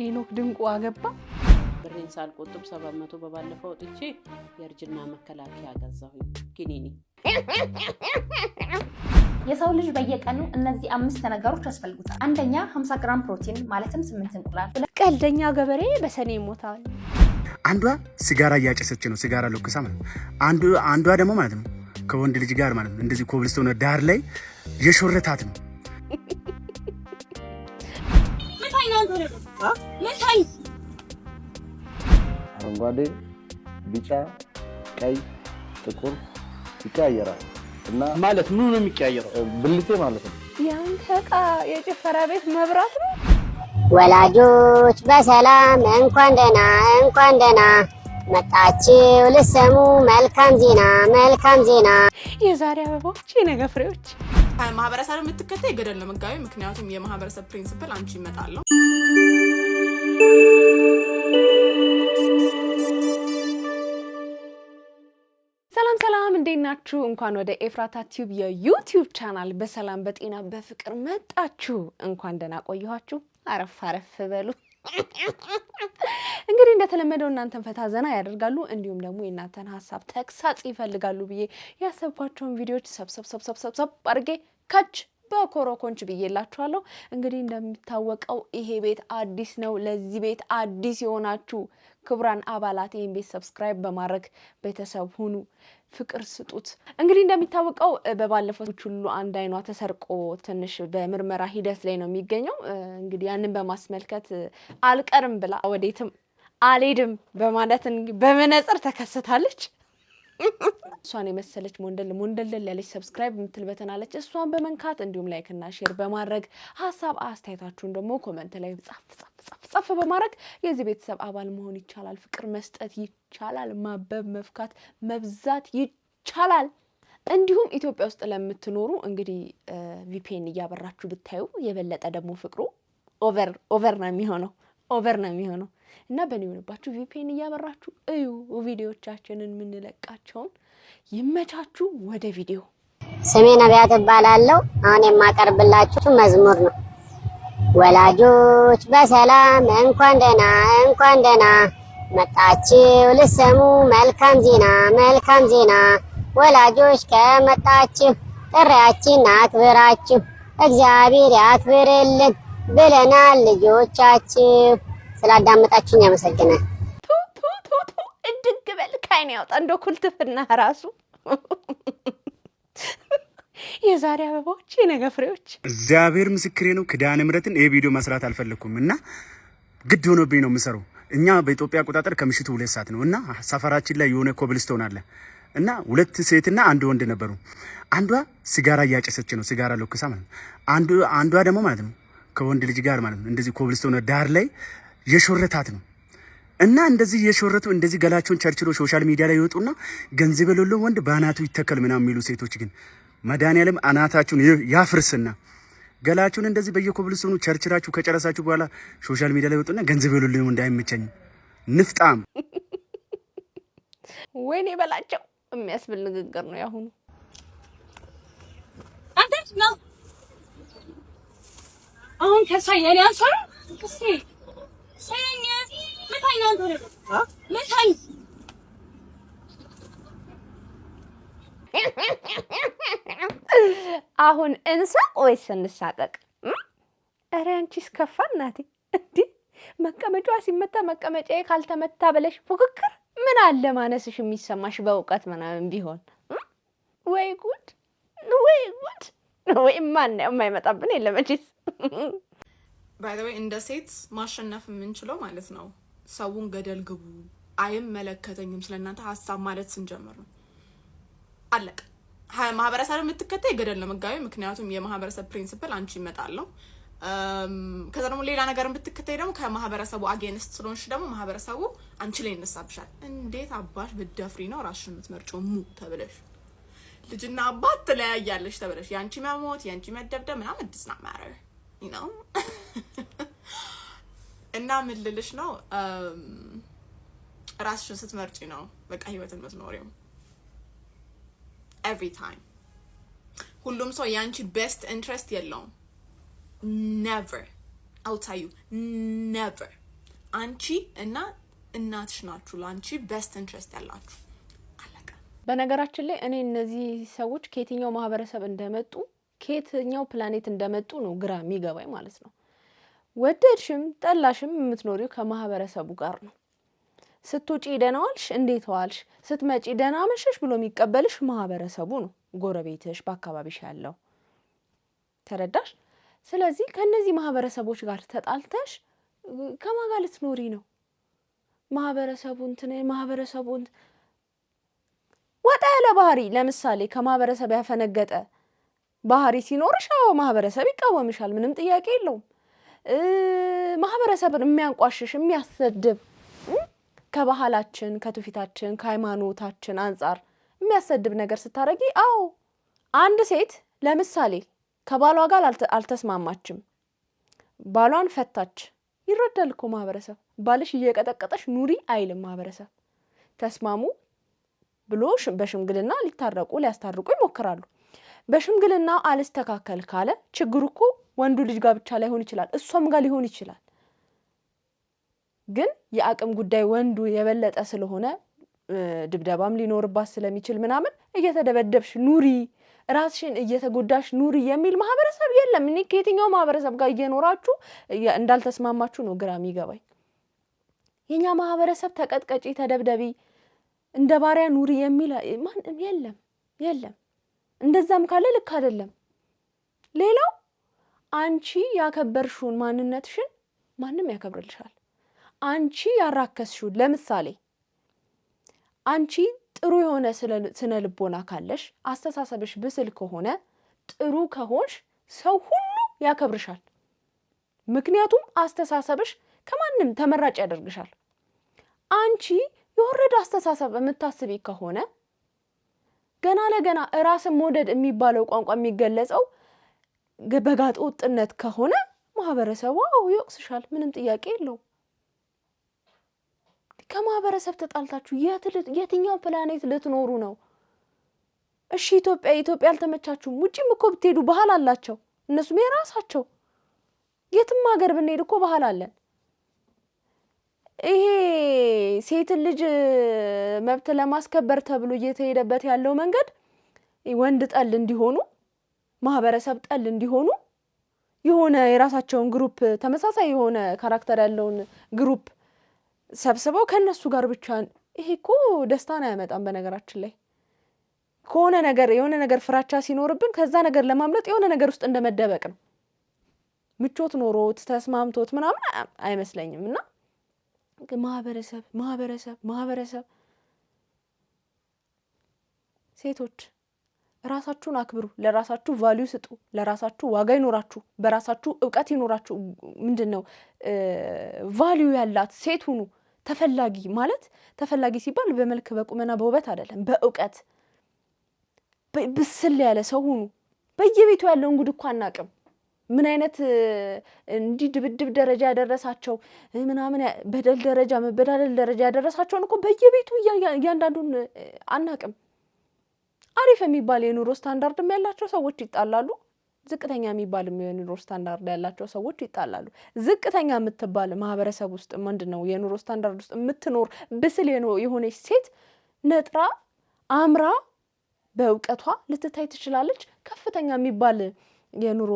ሄኖክ ድንቁ አገባ። ብሬን ሳልቆጥብ ሰባት መቶ በባለፈው ወጥቼ የእርጅና መከላከያ ገዛሁኝ። ኪኒኒ የሰው ልጅ በየቀኑ እነዚህ አምስት ነገሮች ያስፈልጉታል። አንደኛ 50 ግራም ፕሮቲን ማለትም ስምንት እንቁላል። ቀልደኛ ገበሬ በሰኔ ይሞታል። አንዷ ሲጋራ እያጨሰች ነው፣ ሲጋራ ለኩሳ ማለት ነው። አንዷ ደግሞ ማለት ነው ከወንድ ልጅ ጋር ማለት ነው እንደዚህ ኮብልስቶን ዳር ላይ የሾረታት ነው። አረንጓዴ፣ ቢጫ፣ ቀይ፣ ጥቁር ይቀያየራል እና ማለት ምኑ ነው የሚቀያየረው? ብልቴ ማለት ነው። ያንተ ዕቃ የጭፈራ ቤት መብራት ነው። ወላጆች በሰላም እንኳን ደህና እንኳን ደህና መጣችሁ ልሰሙ መልካም ዜና መልካም ዜና የዛሬ አበባዎች የነገ ፍሬዎች ከማህበረሰብ የምትከተይ ገደል ነው መጋቢ። ምክንያቱም የማህበረሰብ ፕሪንስፕል አንቺ ይመጣለሁ ሰላም እንዴት ናችሁ? እንኳን ወደ ኤፍራታ ቲዩብ የዩቲዩብ ቻናል በሰላም በጤና በፍቅር መጣችሁ። እንኳን ደህና ቆየኋችሁ። አረፍ አረፍ በሉ። እንግዲህ እንደተለመደው እናንተን ፈታ ዘና ያደርጋሉ፣ እንዲሁም ደግሞ የእናንተን ሀሳብ ተግሳጽ ይፈልጋሉ ብዬ ያሰብኳቸውን ቪዲዮዎች ሰብሰብ ሰብሰብ ሰብሰብ አድርጌ ከች በኮሮኮንች ብዬላችኋለሁ። እንግዲህ እንደሚታወቀው ይሄ ቤት አዲስ ነው። ለዚህ ቤት አዲስ የሆናችሁ ክቡራን አባላት ይህን ቤት ሰብስክራይብ በማድረግ ቤተሰብ ሁኑ፣ ፍቅር ስጡት። እንግዲህ እንደሚታወቀው በባለፈው ሁሉ አንድ አይኗ ተሰርቆ ትንሽ በምርመራ ሂደት ላይ ነው የሚገኘው። እንግዲህ ያንን በማስመልከት አልቀርም ብላ ወዴትም አልሄድም በማለት በመነጽር ተከስታለች። እሷን የመሰለች ሞንደል ሞንደልደል ያለች ሰብስክራይብ የምትል በተናለች እሷን በመንካት እንዲሁም ላይክና ሼር በማድረግ ሀሳብ አስተያየታችሁን ደግሞ ኮመንት ላይ ጻፍ ጻፍ ጻፍ ጻፍ በማድረግ የዚህ ቤተሰብ አባል መሆን ይቻላል። ፍቅር መስጠት ይቻላል። ማበብ፣ መፍካት፣ መብዛት ይቻላል። እንዲሁም ኢትዮጵያ ውስጥ ለምትኖሩ እንግዲህ ቪፒኤን እያበራችሁ ብታዩ የበለጠ ደግሞ ፍቅሩ ኦቨር ኦቨር ነው የሚሆነው ኦቨር ነው የሚሆነው። እና በእኔ የሆነባችሁ ቪፒኤን እያበራችሁ እዩ ቪዲዮቻችንን የምንለቃቸውን። ይመቻችሁ። ወደ ቪዲዮ። ስሜ ነቢያት እባላለሁ። አሁን የማቀርብላችሁ መዝሙር ነው። ወላጆች በሰላም እንኳን ደህና እንኳን ደህና መጣችሁ ልሰሙ መልካም ዜና መልካም ዜና ወላጆች ከመጣችሁ ጥሪያችን አክብራችሁ እግዚአብሔር ያክብርልን ብለናል ልጆቻችሁ ስላዳመጣችሁኝ ያመሰግናል። እድግ በል ካይን ያውጣ እንደ ኩልትፍና ራሱ የዛሬ አበባዎች የነገ ፍሬዎች። እግዚአብሔር ምስክሬ ነው። ክዳን ምሕረትን ይህ ቪዲዮ መስራት አልፈለግኩም እና ግድ ሆኖብኝ ነው የምሰሩ እኛ በኢትዮጵያ አቆጣጠር ከምሽቱ ሁለት ሰዓት ነው እና ሰፈራችን ላይ የሆነ ኮብልስቶን አለ እና ሁለት ሴትና አንድ ወንድ ነበሩ። አንዷ ሲጋራ እያጨሰች ነው፣ ሲጋራ ለኩሳ ማለት ነው። አንዷ ደግሞ ማለት ነው ከወንድ ልጅ ጋር ማለት ነው እንደዚህ ኮብልስቶን ዳር ላይ የሾረታት ነው እና እንደዚህ የሾረቱ እንደዚህ ገላቸውን ቸርችሎ ሶሻል ሚዲያ ላይ ይወጡና ገንዘብ የሌለው ወንድ በአናቱ ይተከል ምናምን የሚሉ ሴቶች ግን መድኃኒዓለም አናታችሁን ያፍርስና ገላችሁን እንደዚህ በየኮብልስኑ ቸርችራችሁ ከጨረሳችሁ በኋላ ሶሻል ሚዲያ ላይ ይወጡና ገንዘብ የሌለው ወንድ ንፍጣም ወይኔ በላቸው የሚያስብል ንግግር ነው ያሁኑ። አሁን ከሷ የኔ አንሷ ነው አሁን እንሳቅ ወይስ እንሳቀቅ? እረ አንቺስ ከፋ እናቴ። እንዲህ መቀመጫዋ ሲመታ መቀመጫዬ ካልተመታ ብለሽ ፉክክር ምን አለ ማነስሽ የሚሰማሽ በእውቀት ምናምን ቢሆን ወይ ጉድ ወይ ጉድ ወይ ማን የማይመጣብን የለመችስ ባይ ዘ ወይ እንደ ሴት ማሸነፍ የምንችለው ማለት ነው። ሰውን ገደል ግቡ፣ አይመለከተኝም ስለእናንተ ሀሳብ ማለት ስንጀምር ነው። አለቀ። ማህበረሰብ የምትከተይ ገደል ነው መጋቢ። ምክንያቱም የማህበረሰብ ፕሪንስፕል አንቺ ይመጣለው ከዛ ደግሞ ሌላ ነገር ብትከተይ ደግሞ ከማህበረሰቡ አጌንስት ስለሆንሽ ደግሞ ማህበረሰቡ አንቺ ላይ ይነሳብሻል። እንዴት አባሽ ብደፍሪ ነው ራስሽን የምትመርጪው? ሙ ተብለሽ ልጅና አባት ትለያያለሽ ተብለሽ የአንቺ መሞት የአንቺ መደብደብ ምናምን ድስና ማረር ነው እና ምን ልልሽ ነው ራስሽን ስትመርጪ ነው በቃ ህይወትን የምትኖሪው። ኤቭሪ ታይም ሁሉም ሰው የአንቺ ቤስት ኢንትረስት የለውም። ነቨር አውታዩ ነቨር አንቺ እና እናትሽ ናችሁ ለአንቺ ቤስት ኢንትረስት ያላችሁ። አለቀ። በነገራችን ላይ እኔ እነዚህ ሰዎች ከየትኛው ማህበረሰብ እንደመጡ ከየትኛው ፕላኔት እንደመጡ ነው ግራ የሚገባኝ ማለት ነው። ወደድሽም ጠላሽም የምትኖሪው ከማህበረሰቡ ጋር ነው። ስትውጪ ደህና ዋልሽ፣ እንዴት ዋልሽ፣ ስትመጪ ደህና መሸሽ ብሎ የሚቀበልሽ ማህበረሰቡ ነው፣ ጎረቤትሽ፣ በአካባቢሽ ያለው ተረዳሽ። ስለዚህ ከእነዚህ ማህበረሰቦች ጋር ተጣልተሽ ከማን ጋር ልትኖሪ ነው? ማህበረሰቡ እንትን ማህበረሰቡ ወጣ ያለ ባህሪ ለምሳሌ ከማህበረሰብ ያፈነገጠ ባህሪ ሲኖርሽ አዎ ማህበረሰብ ይቃወምሻል። ምንም ጥያቄ የለውም። ማህበረሰብን የሚያንቋሽሽ የሚያሰድብ ከባህላችን ከትውፊታችን ከሃይማኖታችን አንጻር የሚያሰድብ ነገር ስታደርጊ፣ አዎ አንድ ሴት ለምሳሌ ከባሏ ጋር አልተስማማችም፣ ባሏን ፈታች። ይረዳል እኮ ማህበረሰብ። ባልሽ እየቀጠቀጠሽ ኑሪ አይልም ማህበረሰብ። ተስማሙ ብሎ በሽምግልና ሊታረቁ ሊያስታርቁ ይሞክራሉ። በሽምግልና አልስተካከል ካለ ችግሩ እኮ ወንዱ ልጅ ጋር ብቻ ላይሆን ይችላል፣ እሷም ጋር ሊሆን ይችላል። ግን የአቅም ጉዳይ ወንዱ የበለጠ ስለሆነ ድብደባም ሊኖርባት ስለሚችል ምናምን እየተደበደብሽ ኑሪ ራስሽን እየተጎዳሽ ኑሪ የሚል ማህበረሰብ የለም። እኔ ከየትኛው ማህበረሰብ ጋር እየኖራችሁ እንዳልተስማማችሁ ነው ግራ የሚገባኝ። የእኛ ማህበረሰብ ተቀጥቀጪ፣ ተደብደቢ፣ እንደ ባሪያ ኑሪ የሚል የለም የለም። እንደዛም ካለ ልክ አይደለም። ሌላው አንቺ ያከበርሽውን ማንነትሽን ማንም ያከብርልሻል። አንቺ ያራከስሽውን ለምሳሌ አንቺ ጥሩ የሆነ ስነ ልቦና ካለሽ፣ አስተሳሰብሽ ብስል ከሆነ፣ ጥሩ ከሆንሽ ሰው ሁሉ ያከብርሻል። ምክንያቱም አስተሳሰብሽ ከማንም ተመራጭ ያደርግሻል። አንቺ የወረደ አስተሳሰብ የምታስቢ ከሆነ ገና ለገና ራስን መውደድ የሚባለው ቋንቋ የሚገለጸው በጋጠ ወጥነት ከሆነ ማህበረሰቡ አዎ ይወቅስሻል፣ ምንም ጥያቄ የለው። ከማህበረሰብ ተጣልታችሁ የትኛው ፕላኔት ልትኖሩ ነው? እሺ ኢትዮጵያ ኢትዮጵያ አልተመቻችሁም። ውጭም እኮ ብትሄዱ ባህል አላቸው እነሱም የራሳቸው። የትም ሀገር ብንሄድ እኮ ባህል አለን። ይሄ ሴትን ልጅ መብት ለማስከበር ተብሎ እየተሄደበት ያለው መንገድ ወንድ ጠል እንዲሆኑ ማህበረሰብ ጠል እንዲሆኑ የሆነ የራሳቸውን ግሩፕ ተመሳሳይ የሆነ ካራክተር ያለውን ግሩፕ ሰብስበው ከእነሱ ጋር ብቻ ይሄ እኮ ደስታን አያመጣም። በነገራችን ላይ ከሆነ ነገር የሆነ ነገር ፍራቻ ሲኖርብን ከዛ ነገር ለማምለጥ የሆነ ነገር ውስጥ እንደመደበቅ ነው። ምቾት ኖሮት ተስማምቶት ምናምን አይመስለኝም እና ማህበረሰብ ማህበረሰብ ማህበረሰብ ሴቶች ራሳችሁን አክብሩ፣ ለራሳችሁ ቫሊዩ ስጡ፣ ለራሳችሁ ዋጋ ይኖራችሁ፣ በራሳችሁ እውቀት ይኖራችሁ። ምንድን ነው ቫሊዩ ያላት ሴት ሁኑ። ተፈላጊ ማለት ተፈላጊ ሲባል በመልክ በቁመና በውበት አይደለም፣ በእውቀት ብስል ያለ ሰው ሁኑ። በየቤቱ ያለውን ጉድ እኮ አናቅም። ምን አይነት እንዲህ ድብድብ ደረጃ ያደረሳቸው ምናምን በደል ደረጃ መበዳደል ደረጃ ያደረሳቸውን እኮ በየቤቱ እያንዳንዱን አናቅም። አሪፍ የሚባል የኑሮ ስታንዳርድም ያላቸው ሰዎች ይጣላሉ። ዝቅተኛ የሚባል የኑሮ ስታንዳርድ ያላቸው ሰዎች ይጣላሉ። ዝቅተኛ የምትባል ማህበረሰብ ውስጥ ምንድን ነው የኑሮ ስታንዳርድ ውስጥ የምትኖር ብስል የሆነች ሴት ነጥራ አምራ በእውቀቷ ልትታይ ትችላለች። ከፍተኛ የሚባል የኑሮ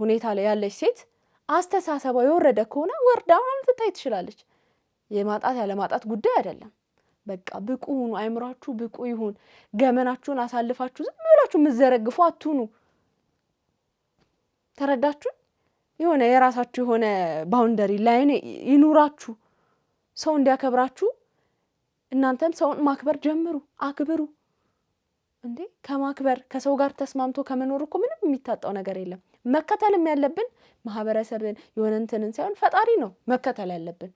ሁኔታ ላይ ያለች ሴት አስተሳሰቧ የወረደ ከሆነ ወርዳ ምናምን ልትታይ ትችላለች። የማጣት ያለማጣት ጉዳይ አይደለም። በቃ ብቁ ሁኑ፣ አይምሯችሁ ብቁ ይሁን። ገመናችሁን አሳልፋችሁ ዝም ብላችሁ የምዘረግፉ አትሁኑ። ተረዳችሁ? የሆነ የራሳችሁ የሆነ ባውንደሪ ላይን ይኑራችሁ። ሰው እንዲያከብራችሁ እናንተም ሰውን ማክበር ጀምሩ፣ አክብሩ። እንዴ ከማክበር ከሰው ጋር ተስማምቶ ከመኖር እኮ ምንም የሚታጣው ነገር የለም። መከተልም ያለብን ማህበረሰብን የሆነ እንትንን ሳይሆን ፈጣሪ ነው መከተል ያለብን።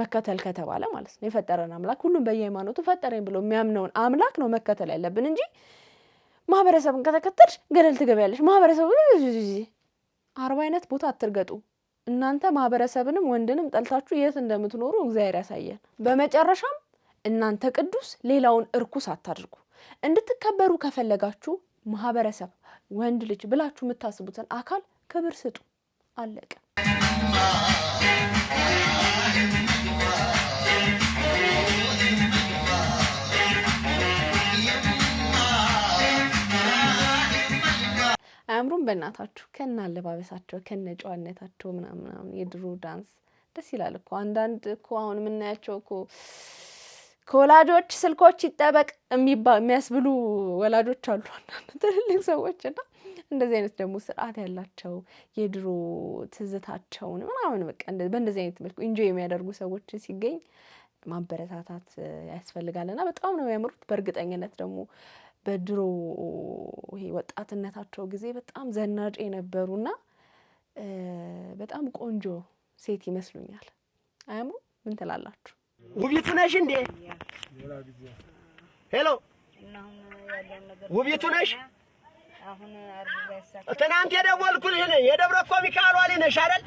መከተል ከተባለ ማለት ነው የፈጠረን አምላክ ሁሉም በየሃይማኖቱ ፈጠረኝ ብሎ የሚያምነውን አምላክ ነው መከተል ያለብን እንጂ ማህበረሰብን ከተከተልሽ ገደል ትገቢያለሽ። ማህበረሰቡ አርባ አይነት ቦታ አትርገጡ። እናንተ ማህበረሰብንም ወንድንም ጠልታችሁ የት እንደምትኖሩ እግዚአብሔር ያሳያል። በመጨረሻም እናንተ ቅዱስ ሌላውን እርኩስ አታድርጉ። እንድትከበሩ ከፈለጋችሁ ማህበረሰብ፣ ወንድ ልጅ ብላችሁ የምታስቡትን አካል ክብር ስጡ። አለቀ። አያምሩም? በእናታችሁ ከነ አለባበሳቸው ከነ ጨዋነታቸው ምናምን የድሮ ዳንስ ደስ ይላል እኮ። አንዳንድ እኮ አሁን የምናያቸው እኮ ከወላጆች ስልኮች ይጠበቅ የሚያስብሉ ወላጆች አሉ፣ አንዳንድ ትልልቅ ሰዎች እና እንደዚህ አይነት ደግሞ ስርዓት ያላቸው የድሮ ትዝታቸውን ምናምን በቃ በእንደዚህ አይነት መልኩ ኢንጆይ የሚያደርጉ ሰዎችን ሲገኝ ማበረታታት ያስፈልጋል እና በጣም ነው የሚያምሩት። በእርግጠኝነት ደግሞ በድሮ ይሄ ወጣትነታቸው ጊዜ በጣም ዘናጭ የነበሩና በጣም ቆንጆ ሴት ይመስሉኛል። አያምሩ? ምን ትላላችሁ? ውቢቱ ነሽ እንዴ? ሄሎ ውቢቱ ነሽ? ትናንት የደወልኩልሽ ነኝ። የደብረ እኮ ሚካኤል ዋሊ ነሽ አይደል?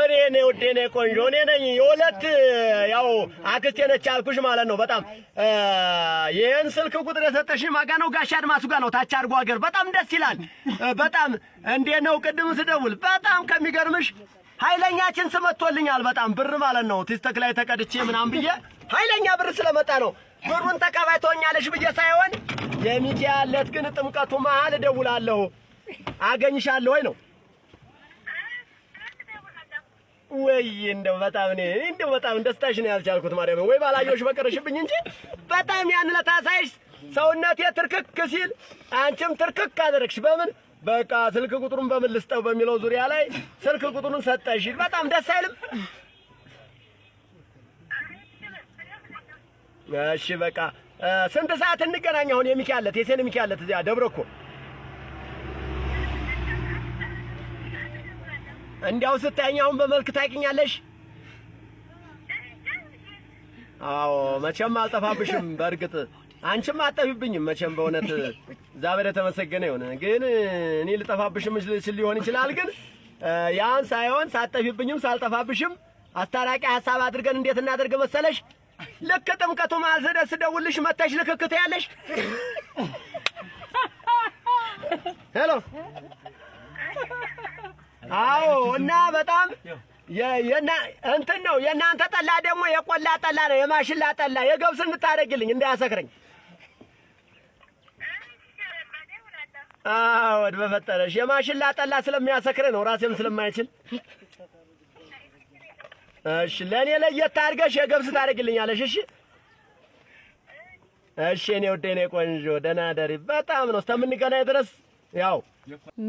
እኔ ነኝ ውዴ፣ እኔ ቆንጆ እኔ ነኝ። የሁለት ያው አክስቴ ነች ያልኩሽ ማለት ነው። በጣም ይህን ስልክ ቁጥር የሰጠሽኝ ማጋ ነው ጋሽ አድማሱ ጋር ነው፣ ታች አድርጎ ሀገር። በጣም ደስ ይላል። በጣም እንዴት ነው? ቅድም ስደውል በጣም ከሚገርምሽ ኃይለኛ ኪንስ መጥቶልኛል። በጣም ብር ማለት ነው። ቲክቶክ ላይ ተቀድቼ ምናምን ብዬ ኃይለኛ ብር ስለመጣ ነው ብሩን ተቀባይቶኛለሽ ብዬ ሳይሆን የሚዲያ የሚዲያለት ግን ጥምቀቱ መሀል እደውላለሁ አገኝሻለሁ ወይ ነው ወይ እንደው በጣም እኔ እንደው በጣም ደስታሽ ነው ያልቻልኩት ማርያም ወይ ባላየሁሽ በቀረሽብኝ እንጂ በጣም ያን ለታሳይሽ ሰውነቴ ትርክክ ሲል አንቺም ትርክክ አደረግሽ። በምን በቃ ስልክ ቁጥሩን በምን ልስጠው በሚለው ዙሪያ ላይ ስልክ ቁጥሩን ሰጠሽ። በጣም ደስ አይልም? እሺ በቃ ስንት ሰዓት እንገናኝ? አሁን የሚካለት የሴን የሚካለት እዚያ ደብረ እኮ እንዲያው ስታይኝ አሁን በመልክ ታይቅኛለሽ። አዎ መቼም አልጠፋብሽም በእርግጥ አንቺም አጠፊብኝም መቼም በእውነት እግዚአብሔር የተመሰገነ ይሁን። ግን እኔ ልጠፋብሽም እችል ሊሆን ይችላል። ግን ያን ሳይሆን ሳጠፊብኝም ሳልጠፋብሽም አስታራቂ ሀሳብ አድርገን እንዴት እናደርግ መሰለሽ? ልክ ጥምቀቱ መሀል ስደውልሽ መተሽ ልክክት ያለሽ ሄሎ አዎ እና በጣም እንትን ነው የእናንተ ጠላ ደግሞ የቆላ ጠላ ነው፣ የማሽላ ጠላ የገብስ እንታደርግልኝ እንዳያሰክረኝ። አወድ በፈጠረሽ የማሽላ ጠላ ስለሚያሰክር ነው ራሴም ስለማይችል። እሺ ለእኔ ለየት አድርገሽ የገብስ ታደርግልኛለሽ። እሺ እሺ እኔ ውዴ እኔ ቆንጆ ደህና ደሪ። በጣም ነው እስከምንገናኝ ድረስ ያው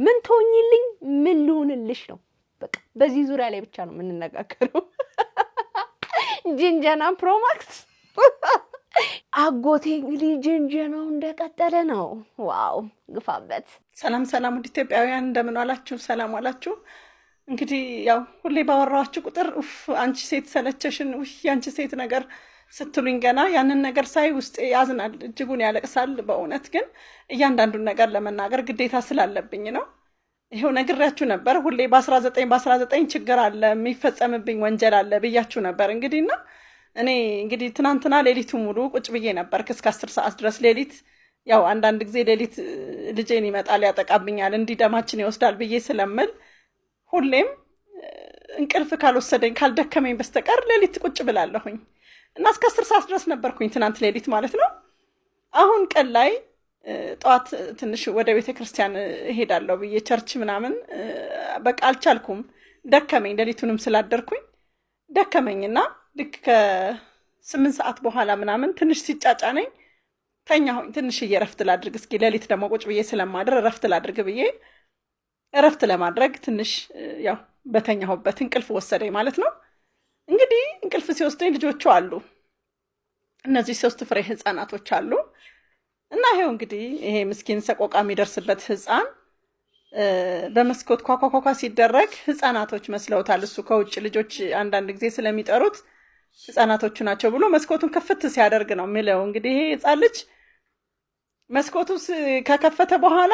ምን ትሆኝልኝ ምን ልሆንልሽ ነው። በቃ በዚህ ዙሪያ ላይ ብቻ ነው የምንነጋገረው። ጅንጀና ፕሮማክስ አጎቴ እንግዲህ ነው እንደቀጠለ ነው። ዋው ግፋበት። ሰላም ሰላም፣ ውድ ኢትዮጵያውያን እንደምን ዋላችሁ? ሰላም ዋላችሁ። እንግዲህ ያው ሁሌ ባወራኋችሁ ቁጥር ኡፍ አንቺ ሴት ሰለቸሽን፣ ውይ አንቺ ሴት ነገር ስትሉኝ ገና ያንን ነገር ሳይ ውስጤ ያዝናል፣ እጅጉን ያለቅሳል። በእውነት ግን እያንዳንዱን ነገር ለመናገር ግዴታ ስላለብኝ ነው። ይኸው ነግሬያችሁ ነበር። ሁሌ በ19 በ19 ችግር አለ፣ የሚፈጸምብኝ ወንጀል አለ ብያችሁ ነበር እንግዲህ እና እኔ እንግዲህ ትናንትና ሌሊቱ ሙሉ ቁጭ ብዬ ነበር እስከ አስር ሰዓት ድረስ ሌሊት ያው አንዳንድ ጊዜ ሌሊት ልጄን ይመጣል ያጠቃብኛል፣ እንዲህ ደማችን ይወስዳል ብዬ ስለምል ሁሌም እንቅልፍ ካልወሰደኝ ካልደከመኝ በስተቀር ሌሊት ቁጭ ብላለሁኝ እና እስከ አስር ሰዓት ድረስ ነበርኩኝ ትናንት ሌሊት ማለት ነው። አሁን ቀን ላይ ጠዋት ትንሽ ወደ ቤተ ክርስቲያን እሄዳለሁ ብዬ ቸርች ምናምን በቃ አልቻልኩም፣ ደከመኝ። ሌሊቱንም ስላደርኩኝ ደከመኝና ልክ ከስምንት ሰዓት በኋላ ምናምን ትንሽ ሲጫጫነኝ ተኛሁኝ። ትንሽዬ እረፍት ላድርግ እስኪ ሌሊት ደግሞ ቁጭ ብዬ ስለማድር እረፍት ላድርግ ብዬ እረፍት ለማድረግ ትንሽ ያው በተኛሁበት እንቅልፍ ወሰደኝ ማለት ነው። እንግዲህ እንቅልፍ ሲወስደኝ ልጆቹ አሉ፣ እነዚህ ሶስት ፍሬ ህፃናቶች አሉ እና ይሄው እንግዲህ ይሄ ምስኪን ሰቆቃ የሚደርስበት ህፃን በመስኮት ኳኳኳኳ ሲደረግ ህፃናቶች መስለውታል። እሱ ከውጭ ልጆች አንዳንድ ጊዜ ስለሚጠሩት ህጻናቶቹ ናቸው ብሎ መስኮቱን ክፍት ሲያደርግ ነው የሚለው። እንግዲህ ይሄ ህጻን ልጅ መስኮቱ ከከፈተ በኋላ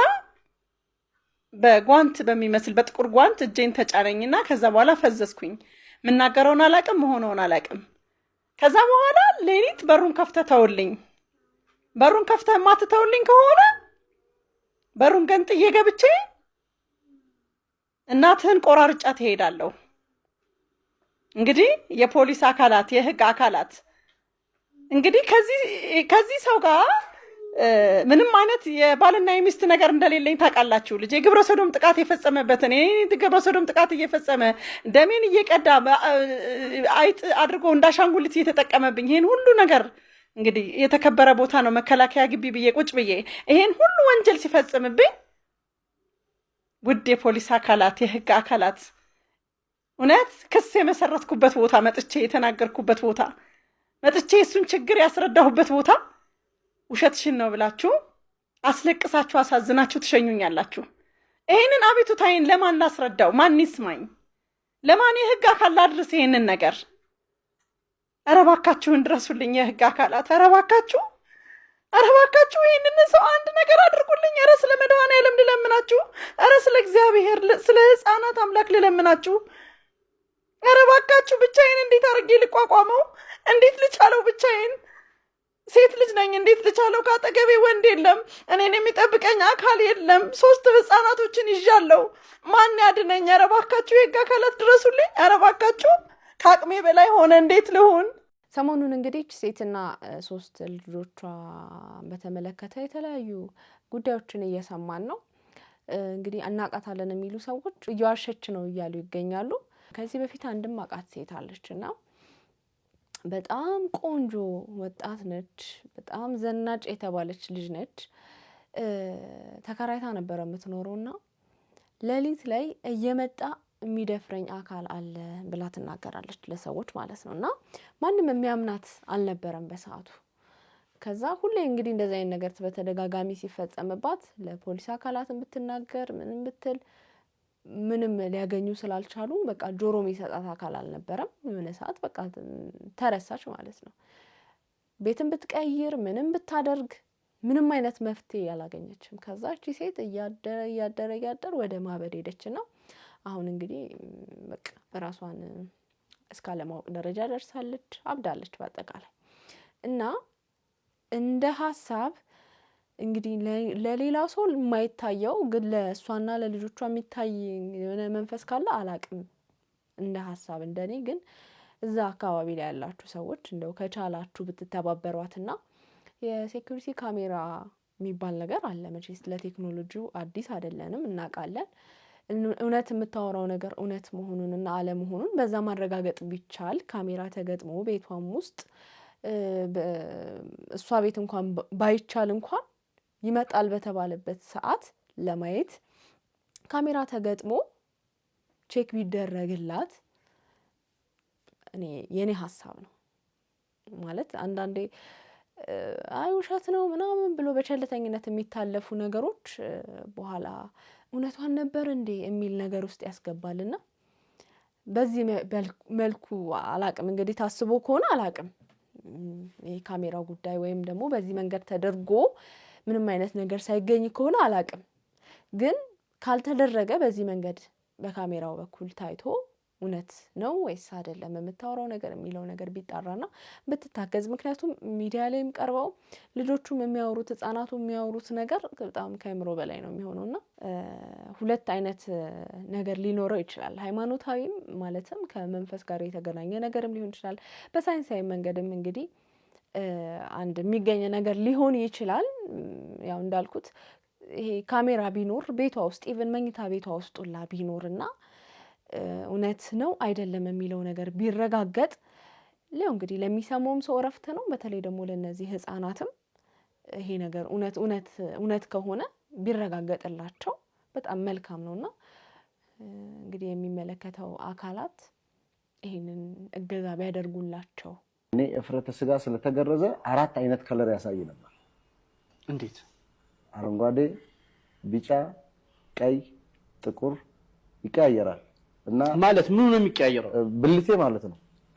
በጓንት በሚመስል በጥቁር ጓንት እጄን ተጫነኝና ከዛ በኋላ ፈዘዝኩኝ። የምናገረውን አላቅም፣ መሆነውን አላቅም። ከዛ በኋላ ሌሊት በሩን ከፍተህ ተውልኝ። በሩን ከፍተህ የማትተውልኝ ከሆነ በሩን ገንጥዬ ገብቼ እናትህን ቆራርጫ ትሄዳለሁ እንግዲህ የፖሊስ አካላት የህግ አካላት እንግዲህ ከዚህ ሰው ጋር ምንም አይነት የባልና የሚስት ነገር እንደሌለኝ ታውቃላችሁ። ልጅ የግብረ ሰዶም ጥቃት የፈጸመበትን ግብረ ሰዶም ጥቃት እየፈጸመ ደሜን እየቀዳ አይጥ አድርጎ እንዳሻንጉሊት እየተጠቀመብኝ ይህን ሁሉ ነገር እንግዲህ የተከበረ ቦታ ነው መከላከያ ግቢ ብዬ ቁጭ ብዬ ይሄን ሁሉ ወንጀል ሲፈጽምብኝ ውድ የፖሊስ አካላት የህግ አካላት እውነት ክስ የመሰረትኩበት ቦታ መጥቼ የተናገርኩበት ቦታ መጥቼ እሱን ችግር ያስረዳሁበት ቦታ ውሸትሽን ነው ብላችሁ አስለቅሳችሁ አሳዝናችሁ ትሸኙኛላችሁ። ይህንን አቤቱታዬን ለማን ላስረዳው? ማን ይስማኝ? ለማን የህግ አካል ላድርስ ይህንን ነገር? እረባካችሁን ድረሱልኝ የህግ አካላት፣ እረባካችሁ፣ እረባካችሁ ይህንን ሰው አንድ ነገር አድርጉልኝ። ኧረ ስለ መድኃኔዓለም ልለምናችሁ፣ ኧረ ስለ እግዚአብሔር፣ ስለ ህፃናት አምላክ ልለምናችሁ። ኧረ እባካችሁ ብቻዬን እንዴት አድርጌ ልቋቋመው? እንዴት ልቻለው? ብቻዬን ሴት ልጅ ነኝ። እንዴት ልቻለው? ከአጠገቤ ወንድ የለም፣ እኔን የሚጠብቀኝ አካል የለም። ሶስት ህፃናቶችን ይዣለው። ማን ያድነኝ? ኧረ እባካችሁ የህግ አካላት ድረሱልኝ። ኧረ እባካችሁ ከአቅሜ በላይ ሆነ። እንዴት ልሁን? ሰሞኑን እንግዲህ ሴትና ሶስት ልጆቿ በተመለከተ የተለያዩ ጉዳዮችን እየሰማን ነው። እንግዲህ እናቃታለን የሚሉ ሰዎች እየዋሸች ነው እያሉ ይገኛሉ። ከዚህ በፊት አንድም አቃት ሴት አለች እና በጣም ቆንጆ ወጣት ነች። በጣም ዘናጭ የተባለች ልጅ ነች። ተከራይታ ነበረ የምትኖረው እና ሌሊት ላይ እየመጣ የሚደፍረኝ አካል አለ ብላ ትናገራለች ለሰዎች ማለት ነው። እና ማንም የሚያምናት አልነበረም በሰዓቱ። ከዛ ሁሌ እንግዲህ እንደዚህ አይነት ነገር በተደጋጋሚ ሲፈጸምባት ለፖሊስ አካላት ብትናገር ምንም ብትል ምንም ሊያገኙ ስላልቻሉ በቃ ጆሮ የሚሰጣት አካል አልነበረም። የሆነ ሰዓት በቃ ተረሳች ማለት ነው። ቤትን ብትቀይር ምንም ብታደርግ ምንም አይነት መፍትሄ አላገኘችም። ከዛ እቺ ሴት እያደረ እያደረ እያደር ወደ ማበድ ሄደችና አሁን እንግዲህ በቃ ራሷን እስካለማወቅ ደረጃ ደርሳለች፣ አብዳለች በአጠቃላይ እና እንደ ሀሳብ እንግዲህ ለሌላ ሰው የማይታየው ግን ለእሷና ለልጆቿ የሚታይ የሆነ መንፈስ ካለ አላቅም። እንደ ሀሳብ እንደኔ ግን እዛ አካባቢ ላይ ያላችሁ ሰዎች እንደው ከቻላችሁ ብትተባበሯትና የሴኩሪቲ ካሜራ የሚባል ነገር አለ። መቼስ ለቴክኖሎጂው አዲስ አይደለንም፣ እናውቃለን። እውነት የምታወራው ነገር እውነት መሆኑን አለመሆኑን በዛ ማረጋገጥ ቢቻል ካሜራ ተገጥሞ ቤቷም ውስጥ እሷ ቤት እንኳን ባይቻል እንኳን ይመጣል በተባለበት ሰዓት ለማየት ካሜራ ተገጥሞ ቼክ ቢደረግላት እኔ የኔ ሀሳብ ነው። ማለት አንዳንዴ አይ ውሸት ነው ምናምን ብሎ በቸልተኝነት የሚታለፉ ነገሮች በኋላ እውነቷን ነበር እንዴ የሚል ነገር ውስጥ ያስገባልና በዚህ መልኩ አላቅም እንግዲህ ታስቦ ከሆነ አላቅም የካሜራው ጉዳይ ወይም ደግሞ በዚህ መንገድ ተደርጎ ምንም አይነት ነገር ሳይገኝ ከሆነ አላቅም። ግን ካልተደረገ በዚህ መንገድ በካሜራው በኩል ታይቶ እውነት ነው ወይስ አይደለም የምታወራው ነገር የሚለው ነገር ቢጣራና ብትታገዝ። ምክንያቱም ሚዲያ ላይም ቀርበው ልጆቹም የሚያወሩት ህጻናቱ የሚያወሩት ነገር በጣም ከአእምሮ በላይ ነው የሚሆነው እና ሁለት አይነት ነገር ሊኖረው ይችላል። ሃይማኖታዊም ማለትም ከመንፈስ ጋር የተገናኘ ነገርም ሊሆን ይችላል። በሳይንሳዊ መንገድም እንግዲህ አንድ የሚገኝ ነገር ሊሆን ይችላል። ያው እንዳልኩት ይሄ ካሜራ ቢኖር ቤቷ ውስጥ ኢቨን መኝታ ቤቷ ውስጥ ላ ቢኖር እና እውነት ነው አይደለም የሚለው ነገር ቢረጋገጥ ሌው እንግዲህ ለሚሰማውም ሰው እረፍት ነው። በተለይ ደግሞ ለእነዚህ ህጻናትም ይሄ ነገር እውነት እውነት እውነት ከሆነ ቢረጋገጥላቸው በጣም መልካም ነው እና እንግዲህ የሚመለከተው አካላት ይህንን እገዛ ቢያደርጉላቸው እኔ እፍረተ ስጋ ስለተገረዘ አራት አይነት ከለር ያሳይ ነበር። እንዴት? አረንጓዴ፣ ቢጫ፣ ቀይ፣ ጥቁር ይቀያየራል። እና ማለት ምኑ ነው የሚቀያየረው? ብልቴ ማለት ነው።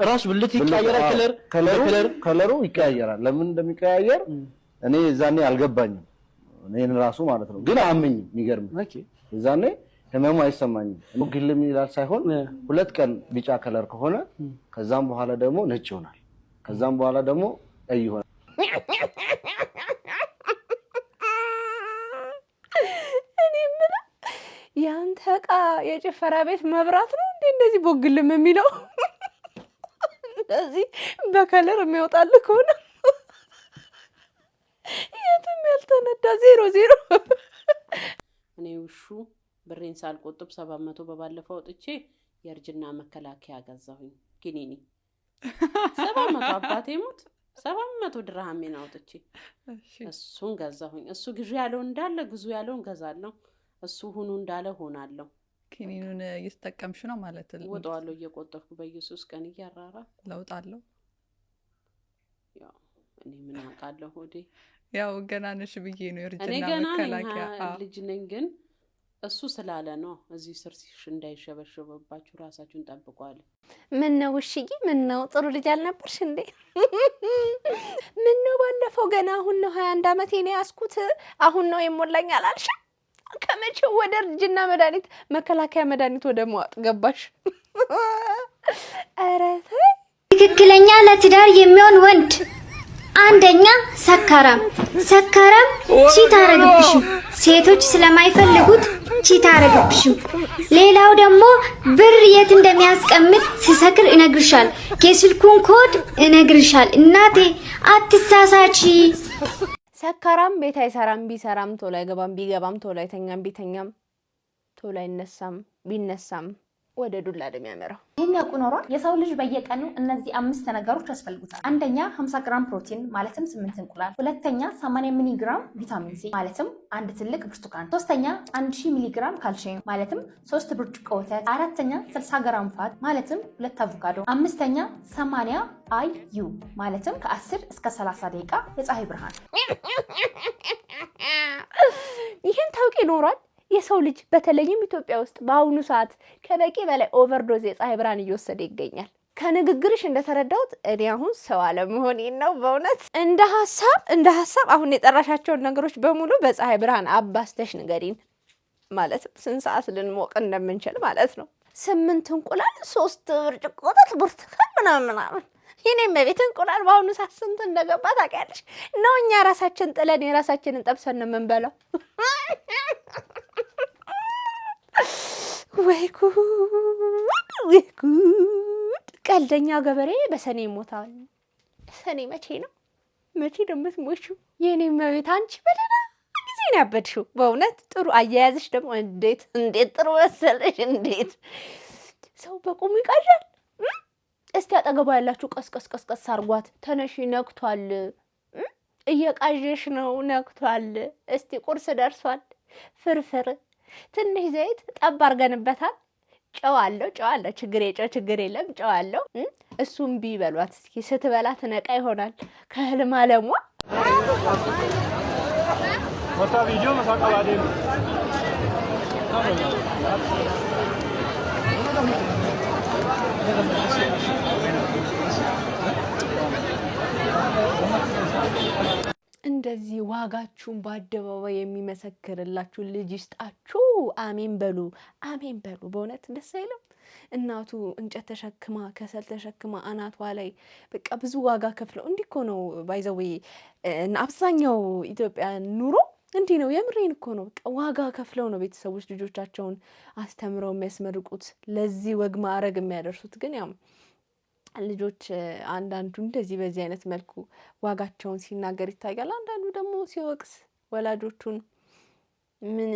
ራሱ ብልቴ ይቀያየራል። ከለር ከለሩ ይቀያየራል። ለምን እንደሚቀያየር እኔ የዛኔ አልገባኝም። እኔን ራሱ ማለት ነው ግን አመኝም። የሚገርም እዛኔ ህመሙ አይሰማኝም። ግልም ይላል ሳይሆን ሁለት ቀን ቢጫ ከለር ከሆነ ከዛም በኋላ ደግሞ ነጭ ይሆናል። ከዛም በኋላ ደግሞ ቀይ ይሆናል። እኔ የምልህ ያንተ ዕቃ የጭፈራ ቤት መብራት ነው እንዴ? እንደዚህ ቦግልም የሚለው እንደዚህ በከለር የሚወጣልህ ከሆነ የትም ያልተነዳ ዜሮ ዜሮ። እኔ ውሹ ብሬን ሳልቆጥብ ሰባት መቶ በባለፈው አውጥቼ የእርጅና መከላከያ ገዛሁኝ ጊኒኒ ሰባ መቶ አባቴ ሞት ሰባ መቶ ድርሃሜን አውጥቼ እሱን ገዛሁኝ። እሱ ግዢ ያለውን እንዳለ ግዙ ያለውን ገዛለሁ። እሱ ሁኑ እንዳለ ሆናለሁ። ኪኒኑን እየተጠቀምሽ ነው ማለት ነው? ወጣዋለሁ እየቆጠርኩ በኢየሱስ ቀን እያራራ ለውጣለሁ። ያው እኔ ምን አውቃለሁ ሆዴ ያው ገና ነሽ ብዬ ነው የእርጅና መከላከያ ልጅ ነኝ ግን እሱ ስላለ ነው። እዚህ ስር ሲሽ እንዳይሸበሸበባችሁ ራሳችሁን ጠብቋል። ምን ነው ውሽዬ፣ ምን ነው ጥሩ ልጅ አልነበርሽ እንዴ? ምን ነው ባለፈው ገና አሁን ነው ሀያ አንድ አመት ኔ ያስኩት አሁን ነው የሞላኝ አላልሽ? ከመቼው ወደ እርጅና መድኃኒት መከላከያ መድኃኒት ወደ መዋጥ ገባሽ? ኧረ ትክክለኛ ለትዳር የሚሆን ወንድ አንደኛ ሰካራም ሰካራም ቺት አረግብሽም፣ ሴቶች ስለማይፈልጉት ቺት አረግብሽም። ሌላው ደግሞ ብር የት እንደሚያስቀምጥ ሲሰክር እነግርሻል። የስልኩን ኮድ እነግርሻል። እናቴ አትሳሳቺ። ሰካራም ቤት አይሰራም፣ ቢሰራም ቶሎ አይገባም፣ ቢገባም ቶሎ አይተኛም፣ ቢተኛም ቶሎ አይነሳም፣ ቢነሳም ወደ ዱላ የሚያመራው የሚያውቁ ኖሯል። የሰው ልጅ በየቀኑ እነዚህ አምስት ነገሮች ያስፈልጉታል። አንደኛ 50 ግራም ፕሮቲን ማለትም ስምንት እንቁላል፣ ሁለተኛ 80 ሚሊ ግራም ቪታሚን ሲ ማለትም አንድ ትልቅ ብርቱካን፣ ሶስተኛ 1000 ሚሊ ግራም ካልሽየም ማለትም ሶስት ብርጭቆ ወተት፣ አራተኛ 60 ግራም ፋት ማለትም ሁለት አቮካዶ፣ አምስተኛ 80 አይ ዩ ማለትም ከ10 እስከ 30 ደቂቃ የፀሐይ ብርሃን። ይህን ታውቂ ኖሯል። የሰው ልጅ በተለይም ኢትዮጵያ ውስጥ በአሁኑ ሰዓት ከበቂ በላይ ኦቨርዶዝ የፀሐይ ብርሃን እየወሰደ ይገኛል። ከንግግርሽ እንደተረዳሁት እኔ አሁን ሰው አለመሆኔን ነው። በእውነት እንደ ሀሳብ እንደ ሀሳብ አሁን የጠራሻቸውን ነገሮች በሙሉ በፀሐይ ብርሃን አባስተሽ ንገሪን። ማለትም ስንት ሰዓት ልንሞቅ እንደምንችል ማለት ነው። ስምንት እንቁላል ሶስት ብርጭቆ ወተት፣ ብርቱካን ምናምን ምናምን የኔ መቤት እንቁላል በአሁኑ ሰዓት ስንት እንደገባ ታውቂያለሽ? ነው እኛ ራሳችን ጥለን የራሳችንን ጠብሰን ነው የምንበላው። ወይ ጉድ ወይ ጉድ! ቀልደኛ ገበሬ በሰኔ ይሞታል። ሰኔ መቼ ነው? መቼ ነው የምትሞሺው? የእኔ መቤት፣ አንቺ በደህና ጊዜ ነው ያበድሽው። በእውነት ጥሩ አያያዝሽ ደግሞ እንዴት እንዴት ጥሩ መሰለሽ! እንዴት ሰው በቁሙ ይቃዣል። እስቲ አጠገቧ ያላችሁ ቀስቀስ ቀስቀስ አርጓት። ተነሺ፣ ነክቷል፣ እየቃዥሽ ነው፣ ነክቷል። እስቲ ቁርስ ደርሷል፣ ፍርፍር ትንሽ ዘይት ጠብ አድርገንበታል። ጨው አለው ጨው አለው ችግር የጨው ችግር የለም ጨው አለው። እሱም ቢበሏት እስኪ ስትበላ ትነቃ ይሆናል ከህልም አለሟ እንደዚህ ዋጋችሁን በአደባባይ የሚመሰክርላችሁ ልጅ ይስጣችሁ። አሜን በሉ፣ አሜን በሉ። በእውነት ደስ አይለም? እናቱ እንጨት ተሸክማ ከሰል ተሸክማ አናቷ ላይ በቃ ብዙ ዋጋ ከፍለው እንዲህ እኮ ነው ባይዘዌ አብዛኛው ኢትዮጵያ ኑሮ እንዲህ ነው። የምሬን እኮ ነው። በቃ ዋጋ ከፍለው ነው ቤተሰቦች ልጆቻቸውን አስተምረው የሚያስመርቁት ለዚህ ወግ ማዕረግ የሚያደርሱት ግን ያው ልጆች አንዳንዱ እንደዚህ በዚህ አይነት መልኩ ዋጋቸውን ሲናገር ይታያል። አንዳንዱ ደግሞ ሲወቅስ ወላጆቹን ምን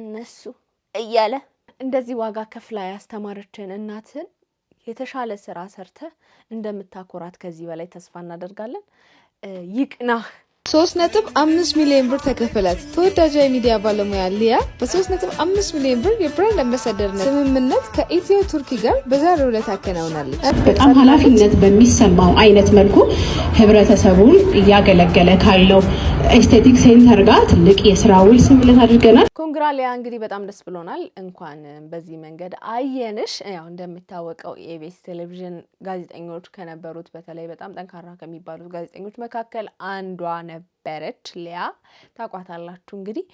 እነሱ እያለ እንደዚህ ዋጋ ከፍላ ያስተማረችን እናትን የተሻለ ስራ ሰርተ እንደምታኮራት ከዚህ በላይ ተስፋ እናደርጋለን። ይቅናህ። ሶስት ነጥብ አምስት ሚሊዮን ብር ተከፈላት። ተወዳጇ የሚዲያ ባለሙያ ሊያ በሶስት ነጥብ አምስት ሚሊዮን ብር የብራንድ አምባሳደርነት ስምምነት ከኢትዮ ቱርኪ ጋር በዛሬው ዕለት አከናውናለች። በጣም ኃላፊነት በሚሰማው አይነት መልኩ ህብረተሰቡን እያገለገለ ካለው ኤስቴቲክ ሴንተር ጋር ትልቅ የስራ ውል ስምምነት አድርገናል። ሊያ እንግዲህ በጣም ደስ ብሎናል። እንኳን በዚህ መንገድ አየንሽ። ያው እንደሚታወቀው የኢቢኤስ ቴሌቪዥን ጋዜጠኞች ከነበሩት በተለይ በጣም ጠንካራ ከሚባሉት ጋዜጠኞች መካከል አንዷ ነበረች። ሊያ ታቋታላችሁ እንግዲህ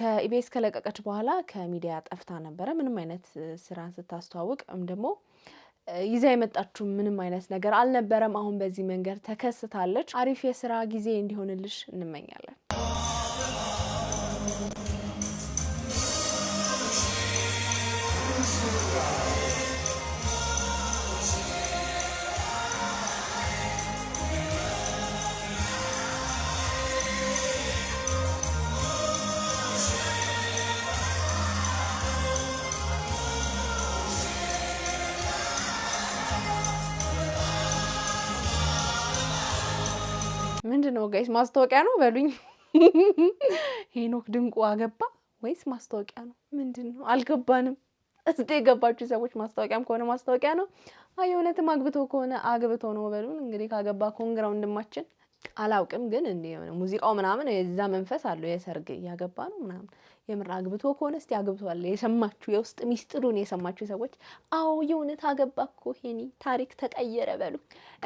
ከኢቢኤስ ከለቀቀች በኋላ ከሚዲያ ጠፍታ ነበረ። ምንም አይነት ስራን ስታስተዋውቅ ወይም ደግሞ ይዛ የመጣችሁ ምንም አይነት ነገር አልነበረም። አሁን በዚህ መንገድ ተከስታለች። አሪፍ የስራ ጊዜ እንዲሆንልሽ እንመኛለን። ጋይስ ማስታወቂያ ነው በሉኝ። ሄኖክ ድንቁ አገባ ወይስ ማስታወቂያ ነው? ምንድን ነው አልገባንም። እስቲ የገባችሁ ሰዎች ማስታወቂያም ከሆነ ማስታወቂያ ነው፣ እውነትም አግብቶ ከሆነ አግብቶ ነው በሉን። እንግዲህ ካገባ ኮንግራ ወንድማችን አላውቅም፣ ግን እንዲህ የሆነ ሙዚቃው ምናምን የዛ መንፈስ አለው የሰርግ እያገባ ነው ምናምን የምር አግብቶ ከሆነ እስቲ አግብቷል የሰማችሁ የውስጥ ሚስጥሩን የሰማችሁ ሰዎች፣ አዎ የእውነት አገባ እኮ ሄኒ ታሪክ ተቀየረ በሉ።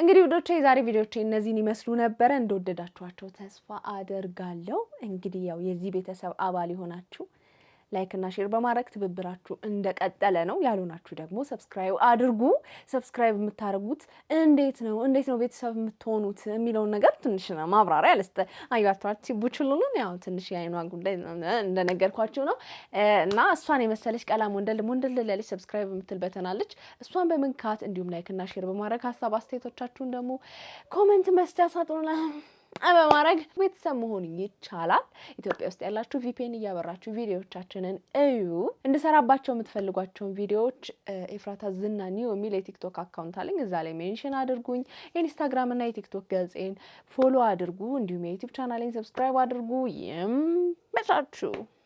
እንግዲህ ውዶቼ የዛሬ ቪዲዮቼ እነዚህን ይመስሉ ነበረ። እንደወደዳችኋቸው ተስፋ አደርጋለሁ። እንግዲህ ያው የዚህ ቤተሰብ አባል የሆናችሁ ላይክና ሼር በማድረግ ትብብራችሁ እንደቀጠለ ነው። ያልሆናችሁ ደግሞ ሰብስክራይብ አድርጉ። ሰብስክራይብ የምታደርጉት እንዴት ነው እንዴት ነው ቤተሰብ የምትሆኑት የሚለውን ነገር ትንሽ ማብራሪያ ያለስጠ አያቷች ቡችሉን ያው ትንሽ የአይኗ ጉዳይ እንደነገርኳችሁ ነው እና እሷን የመሰለች ቀላም ወንደል ወንደል ያለች ሰብስክራይብ የምትል በተናለች እሷን በመንካት እንዲሁም ላይክና ሼር በማድረግ ሀሳብ አስተያየቶቻችሁን ደግሞ ኮመንት መስጫ ሳጥኑ በማድረግ ቤተሰብ መሆን ይቻላል። ኢትዮጵያ ውስጥ ያላችሁ ቪፒኤን እያበራችሁ ቪዲዮዎቻችንን እዩ። እንድሰራባቸው የምትፈልጓቸውን ቪዲዮዎች ኤፍራታ ዝና ኒው የሚል የቲክቶክ አካውንት አለኝ። እዛ ላይ ሜንሽን አድርጉኝ። የኢንስታግራም እና የቲክቶክ ገጼን ፎሎ አድርጉ። እንዲሁም የዩቲዩብ ቻናሌን ሰብስክራይብ አድርጉ። ይመቻችሁ።